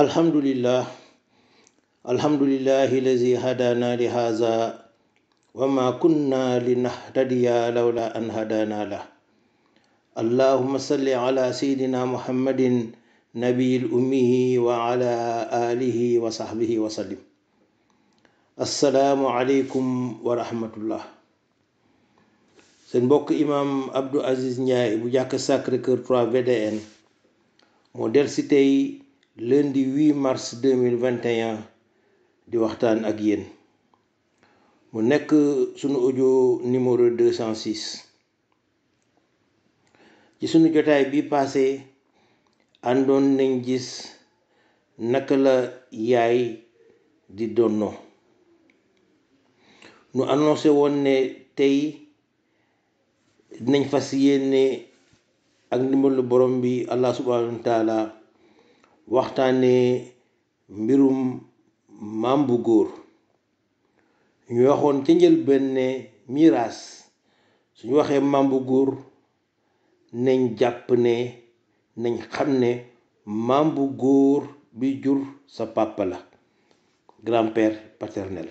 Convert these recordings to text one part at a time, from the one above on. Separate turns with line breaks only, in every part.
الحمد لله الحمد لله الذي هدانا لهذا وما كنا لنهتدي لولا أن هدانا له اللهم صل على سيدنا محمد نبي الأمه وعلى آله وصحبه وسلم السلام عليكم ورحمة الله seen mbokk imam Abdou Aziz Ndiaye bu jàkk Sacré-Cœur 3 VDN moo del si tey lundi 8 mars 2021 di waxtaan ak yéen mu nekk sunu audio numéro 206 ci sunu jotaay bi passé àndoon nañ gis naka la yaay di donno nu annoncé woon ne tey dinañ fas yéene ak ndimbalu borom bi allah subhanahu wa taala waxtaanee mbirum maam bu góor ñu waxoon ca njëlbéen ne miraas suñu waxee maam bu góor nañ jàpp ne nañ xam ne maam bu góor bi jur sa papa la grand-père paternel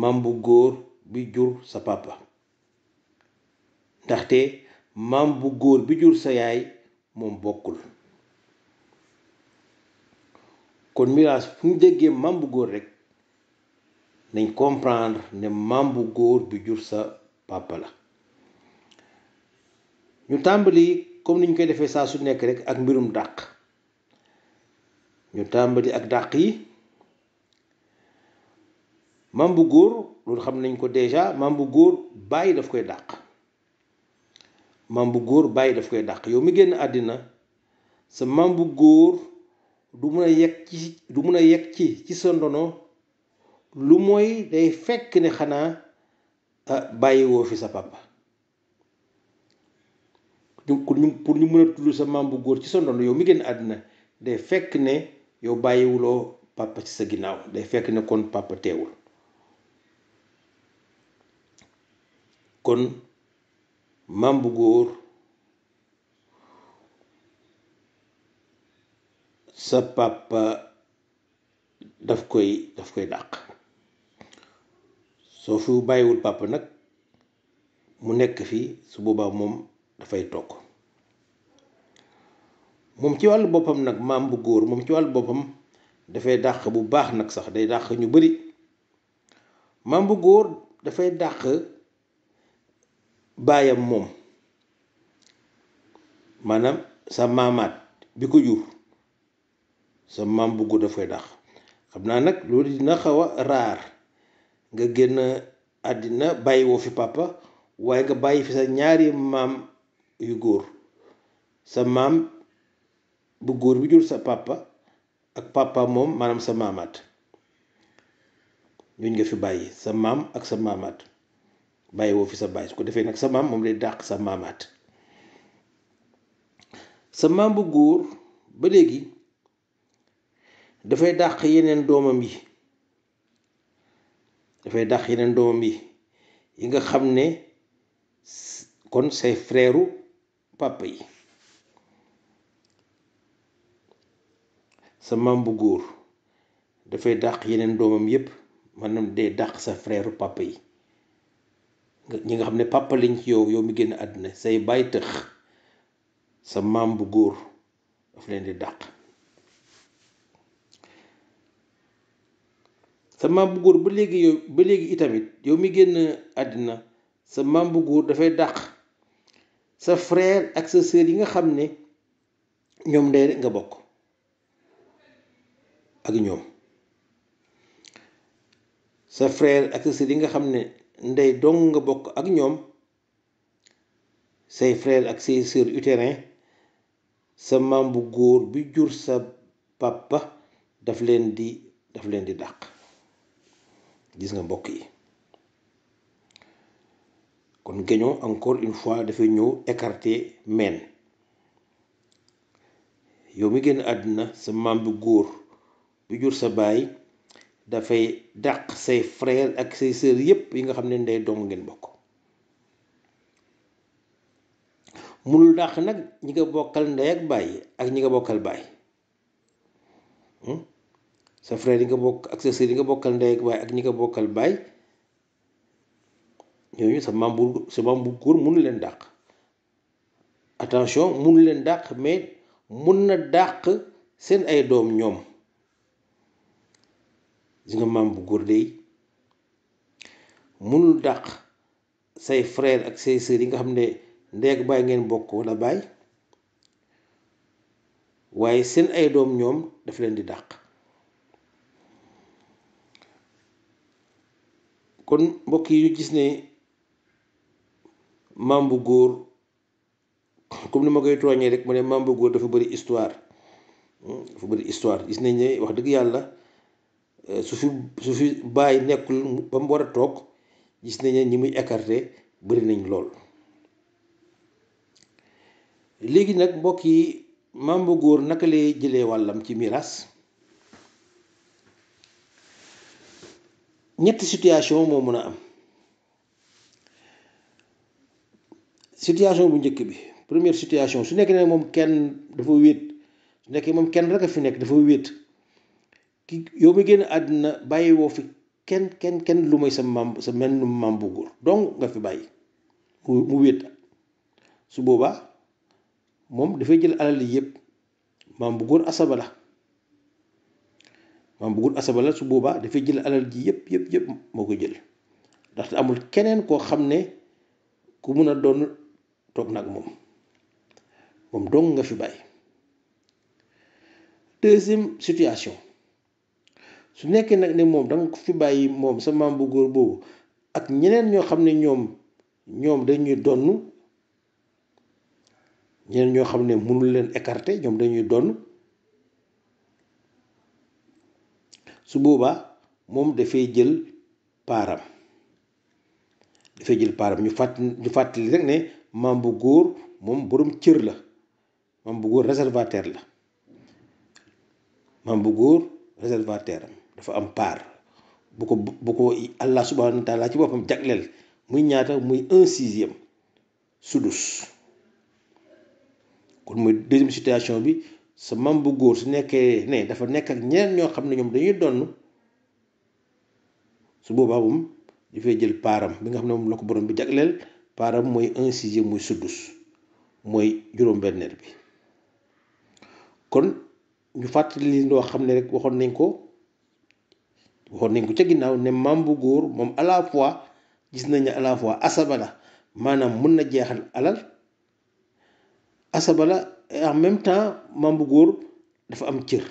maam bu góor bi jur sa papa ndaxte maam bu góor bi jur sa yaay moom bokkul kon miraas fu ñu jegee maam bu góor rek nañ comprendre ne maam bu góor bi jur sa papa la ñu tàmbali comme ni ñu koy defee saa su nekk rek ak mbirum dàq ñu tàmbali ak dàq yi maam bu góor loolu xam nañ ko déjà maam bu góor bàyyi daf koy dàq maam bu góor bàyyi daf koy dàq yow mi génn àddina sa maam bu góor du mun a yegg ci du mun a yegg ci ci sa ndono lu mooy day fekk ne xanaa ah, bàyyiwoo fi sa papa ñu pour ñu mën a tudd sa maam bu góor ci sa ndono yow mi génn àddina day fekk ne yow bàyyiwuloo papa ci sa ginnaaw day fekk ne kon papa teewul kon maam bu góor sa papa daf koy daf koy dàq soo fi bàyyiwul papa nag mu nekk fii su boobaa moom dafay toog moom ci wàll boppam nag maam bu góor moom ci wàllu boppam dafay dàq bu baax nag sax day dàq ñu bari maam bu góor dafay dàq baayam moom maanaam sa maamaat bi ko jur sa maam bu góor dafay dàq xam naa nag loolu dina xaw a raar nga génn àddina bàyyiwoo fi papa waaye nga bàyyi fi sa ñaari maam yu góor sa maam bu góor bi jur sa papa ak papa moom maanaam sa maamaat ñooñ nga fi bàyyi sa maam ak sa maamaat bàyyi woo fi sa bàyyi su ko defee nag sa maam moom lay dàq sa maamaat sa maam bu góor ba léegi dafay dàq yeneen doomam yi dafay dàq yeneen doomam yi yi nga xam ne kon say freeru pàppa yi sa maam bu góor dafay dàq yeneen doomam yépp maanaam day dàq sa freeru papa yi ñi nga xam ne papa lañ ci yow yow mi génn àdduna say baay tëx sa maam bu góor daf leen di dàq sa maam bu góor ba léegi yow ba léegi itamit yow mi génn àddina sa maam bu góor dafay dàq sa frère ak sa sœur yi nga xam ne ñoom ndey nga bokk ak ñoom sa frère ak sa sœur yi nga xam ne ndey dong nga bokk ak ñoom say frère ak say sa maam bu góor bi jur sa papa daf leen di daf leen di dàq gis nga mbokk yi kon gagnant encore une fois dafay ñëw écarté men yow mi génn àddina sa maam bi góor bu jur sa baay dafay dàq say frère ak say sœur yépp yi nga xam ne ndey doom ngeen bokk munul dàq nag ñi nga bokkal ndey ak baay ak ñi nga bokkal baay hmm? sa frère yi nga bokk ak sa sœur yi nga bokkal ndey ak baay ak ñi nga bokkal baay ñooñu sa maam bu góor mënu leen dàq attention mënu leen dàq mais mun na dàq seen ay doom ñoom si nga bu góor dey mënul dàq say frère ak yi nga xam ne ndey ak baay ngeen bokk wala baay waaye seen ay doom ñoom daf leen di dàq kon mbokk yi gis ne maam bu góor comme ni ma koy tooñee rek ma ne maam góor dafa bari histoire hmm, dafa bari histoire gis nañ ne wax dëgg yàlla euh, su fi su fi bàyyi nekkul ba mu war a toog gis nañ ne ñi muy écarté bari nañ lool léegi nag mbokk yi maam góor naka lay jëlee wàllam ci miraas ñetti situation moo mun a am situation bu njëkk bi première situation su nekkee ne moom kenn dafa wéet su nekkee moom kenn rek a fi nekk dafa wéet ki yow mi génn àddina bàyyi woo fi kenn kenn kenn lu may sa maam sa mel nu bu góor donc nga fi bàyyi mu wéet su boobaa moom dafay jël alal yëpp bu góor asaba la maanaam bu bëggul asabala su boobaa dafay jël alal ji yëpp yëpp yëpp moo ko jël ndaxte amul keneen koo xam ne ku mun a donn toog nag moom moom dong nga fi bàyyi deuxième situation su nekkee nag ne moom danga ko fi bàyyi moom sa maam bu góor boobu ak ñeneen ñoo xam ne ñoom ñoom dañuy donn ñeneen ñoo xam ne mënul leen écarter ñoom dañuy donn su boobaa moom dafay jël paaram dafay jël paaram ñu fàtt ñu fàttali rek ne maam bu góor moom boroom cër la maam bu góor réservataire la maam bu góor réservataire dafa am paar bu ko bu ko allah subhanahu wa taala ci boppam jagleel muy ñaata muy un sixième sudus kon mooy deuxième situation bi sa mam bu góor su nekkee ne dafa nekk ak ñeneen ñoo xam ne ñoom dañuy donn su boobaa moom fee jël paaram bi nga xam ne moom la ko borom bi jagleel paaram mooy un sixième muy suddus mooy juróom-benneel bi kon ñu fàttali li loo xam ne rek waxoon nañ ko waxoon nañ ko ca ginnaaw ne mam bu góor moom à gis nañ ne à la maanaam mën na jeexal alal asabala en même temps maam bu dafa am cër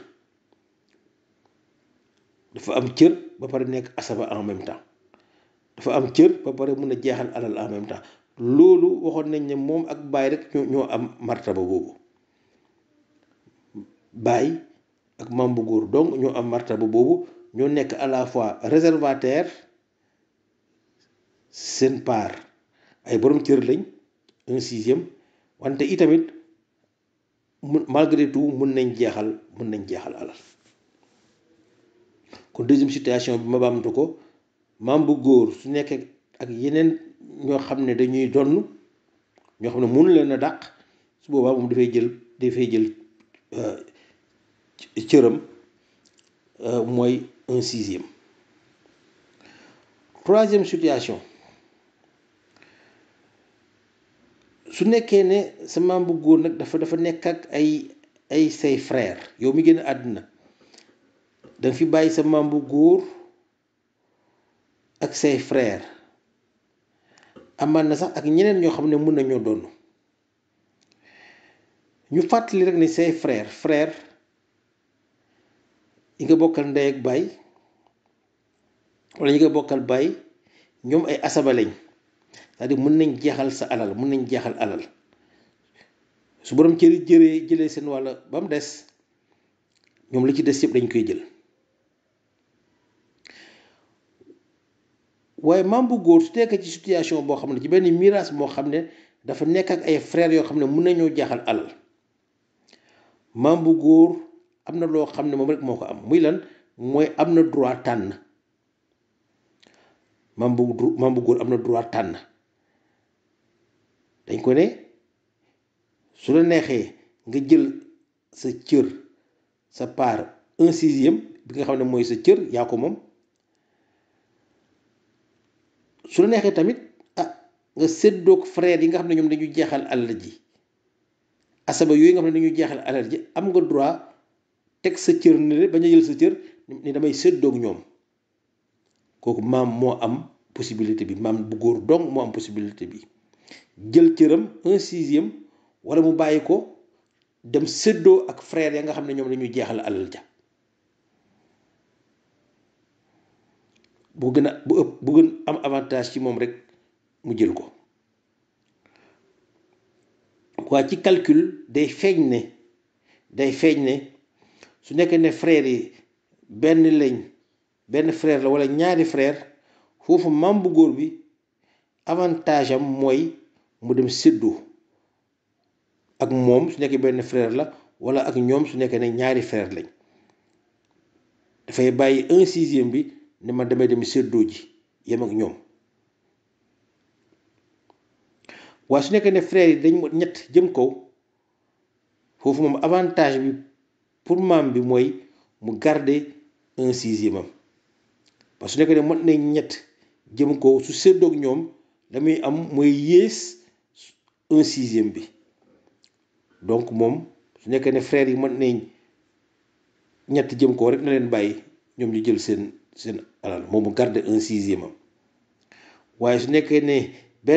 dafa am cër ba pare nekk asaba en même temps dafa am cër ba pare mun a jeexal alal en même temps loolu waxoon nañ ne moom ak baay rek ñoo am martaba boobu baay ak maam bu góor donc ñoo am martaba boobu ñoo nekk à la fois réservataire seen part ay boroom cër lañ un sixième wante itamit mu malgré tout mun nañ jeexal mun nañ jeexal alal kon deuxième situation bi ma baamtu ko maam bu góor su nekkee ak yeneen ñoo xam ne dañuy donn ñoo xam ne mun leen a dàq su boobaa moom dafay jël dafay jël euh, cëram euh, mooy un sixième troisième situation su nekkee ne sa maam bu góor nag dafa dafa nekk ak ay ay say frère yow mi génn àdduna da fi bàyyi sa maam bu góor ak say frère amaan na sax ak ñeneen ñoo xam ne mën nañoo doon ñu fàttali rek ni say frère frère yi nga bokkal ndey ak wala yi nga bokkal ñoom ay asaba c'est-à-dire mën nañ jeexal sa alal mën nañ jeexal alal su borom cëri jëree jëlee seen wàll ba mu des ñoom li ci des yëpp dañ koy jël waaye maam bu góor su nekkee ci situation boo xam ne ci benn miraas moo xam ne dafa nekk ak ay yoo xam ne nañoo alal maam bu góor am na loo xam ne moom rek moo ko am muy lan mooy am na droit tànn maam bu maam bu góor am na droit tànn dañ ko ne su la neexee nga jël sa cër sa part un sixième bi nga xam ne mooy sa cër yaa ko moom su la neexee tamit ah nga seddook frère yi nga xam ne ñoom dañuy jeexal alal ji asaba yooyu nga xam ne dañu jeexal alal am nga droit teg sa cër ne bañ jël sa cër ni damay séddoog ñoom kooku maam moo am possibilité bi maam bu góor dong moo am possibilité bi jël cëram un sixième wala mu bàyyi ko dem séddoo ak frère ya nga xam ne ñoom lañuy jeexal alal ja bu gën a bu ëpp bu gën am avantage ci moom rek mu jël ko waa ci calcul day feeñ ne day feeñ ne su nekkee ne frère yi benn lañ benn frère la wala ñaari frère foofu maam bu góor bi avantage am mooy mu dem séddoo ak moom su nekkee benn frère la wala ak ñoom su nekkee ne ñaari frère lañ dafay bàyyi un sixième bi ne ma damay dem séddoo ji yem ak ñoom waaye su nekkee ne frère yi dañ ñett jëm kaw foofu moom avantage bi pour maam bi mooy mu garder un parce que su nekkee ne ñett jëm kaw su ñoom am un sixième bi donc mom su nekkee ne frère yi mën nañ ñett jëm ko rek na leen bàyyi ñoom ñu jël seen seen alal garde un sixième am waaye su nekkee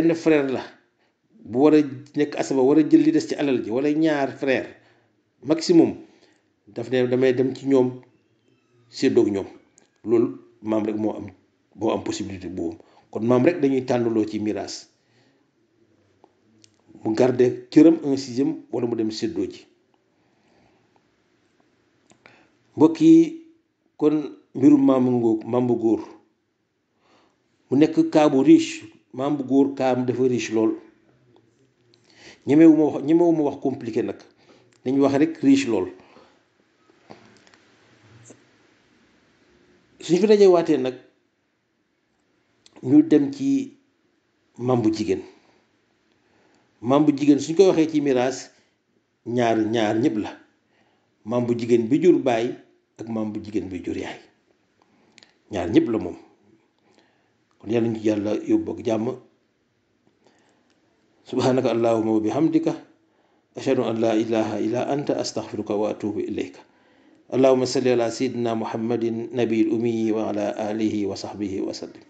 ne frère la bu a asaba war jël li des ci alal ji wala ñaar frère maximum daf ne damay dem ci ñoom possibilité kon maam rek dañuy tànnaloo ci miraas mu garde cëram un sixième wala mu dem séddoo ji mbokk yi kon mbirum maamu ngóog maam bu góor mu nekk kaa rich riche maam bu góor kaam dafa riche lool ñemewu ma wax ñemewu wax compliqué nag dañ wax rek riche lool suñ fi dajewaatee nag ñu dem ci maam bu jigéen maam bu jigéen suñ koy waxee ci miraas ñaar ñaar ñëpp la maam bu jigéen bi jur baay ak maam bu jigéen bi jur yaay ñaar ñëpp la moom kon yàlla ñu ci yàlla yóbbu ak jàmm subhanaka allahuma wa bihamdika ashhadu an la ilaha illa anta astaghfiruka wa atubu ilayka allahuma salli ala sayyidina muhammadin nabiyil ummi wa ala alihi wa sahbihi wa sallim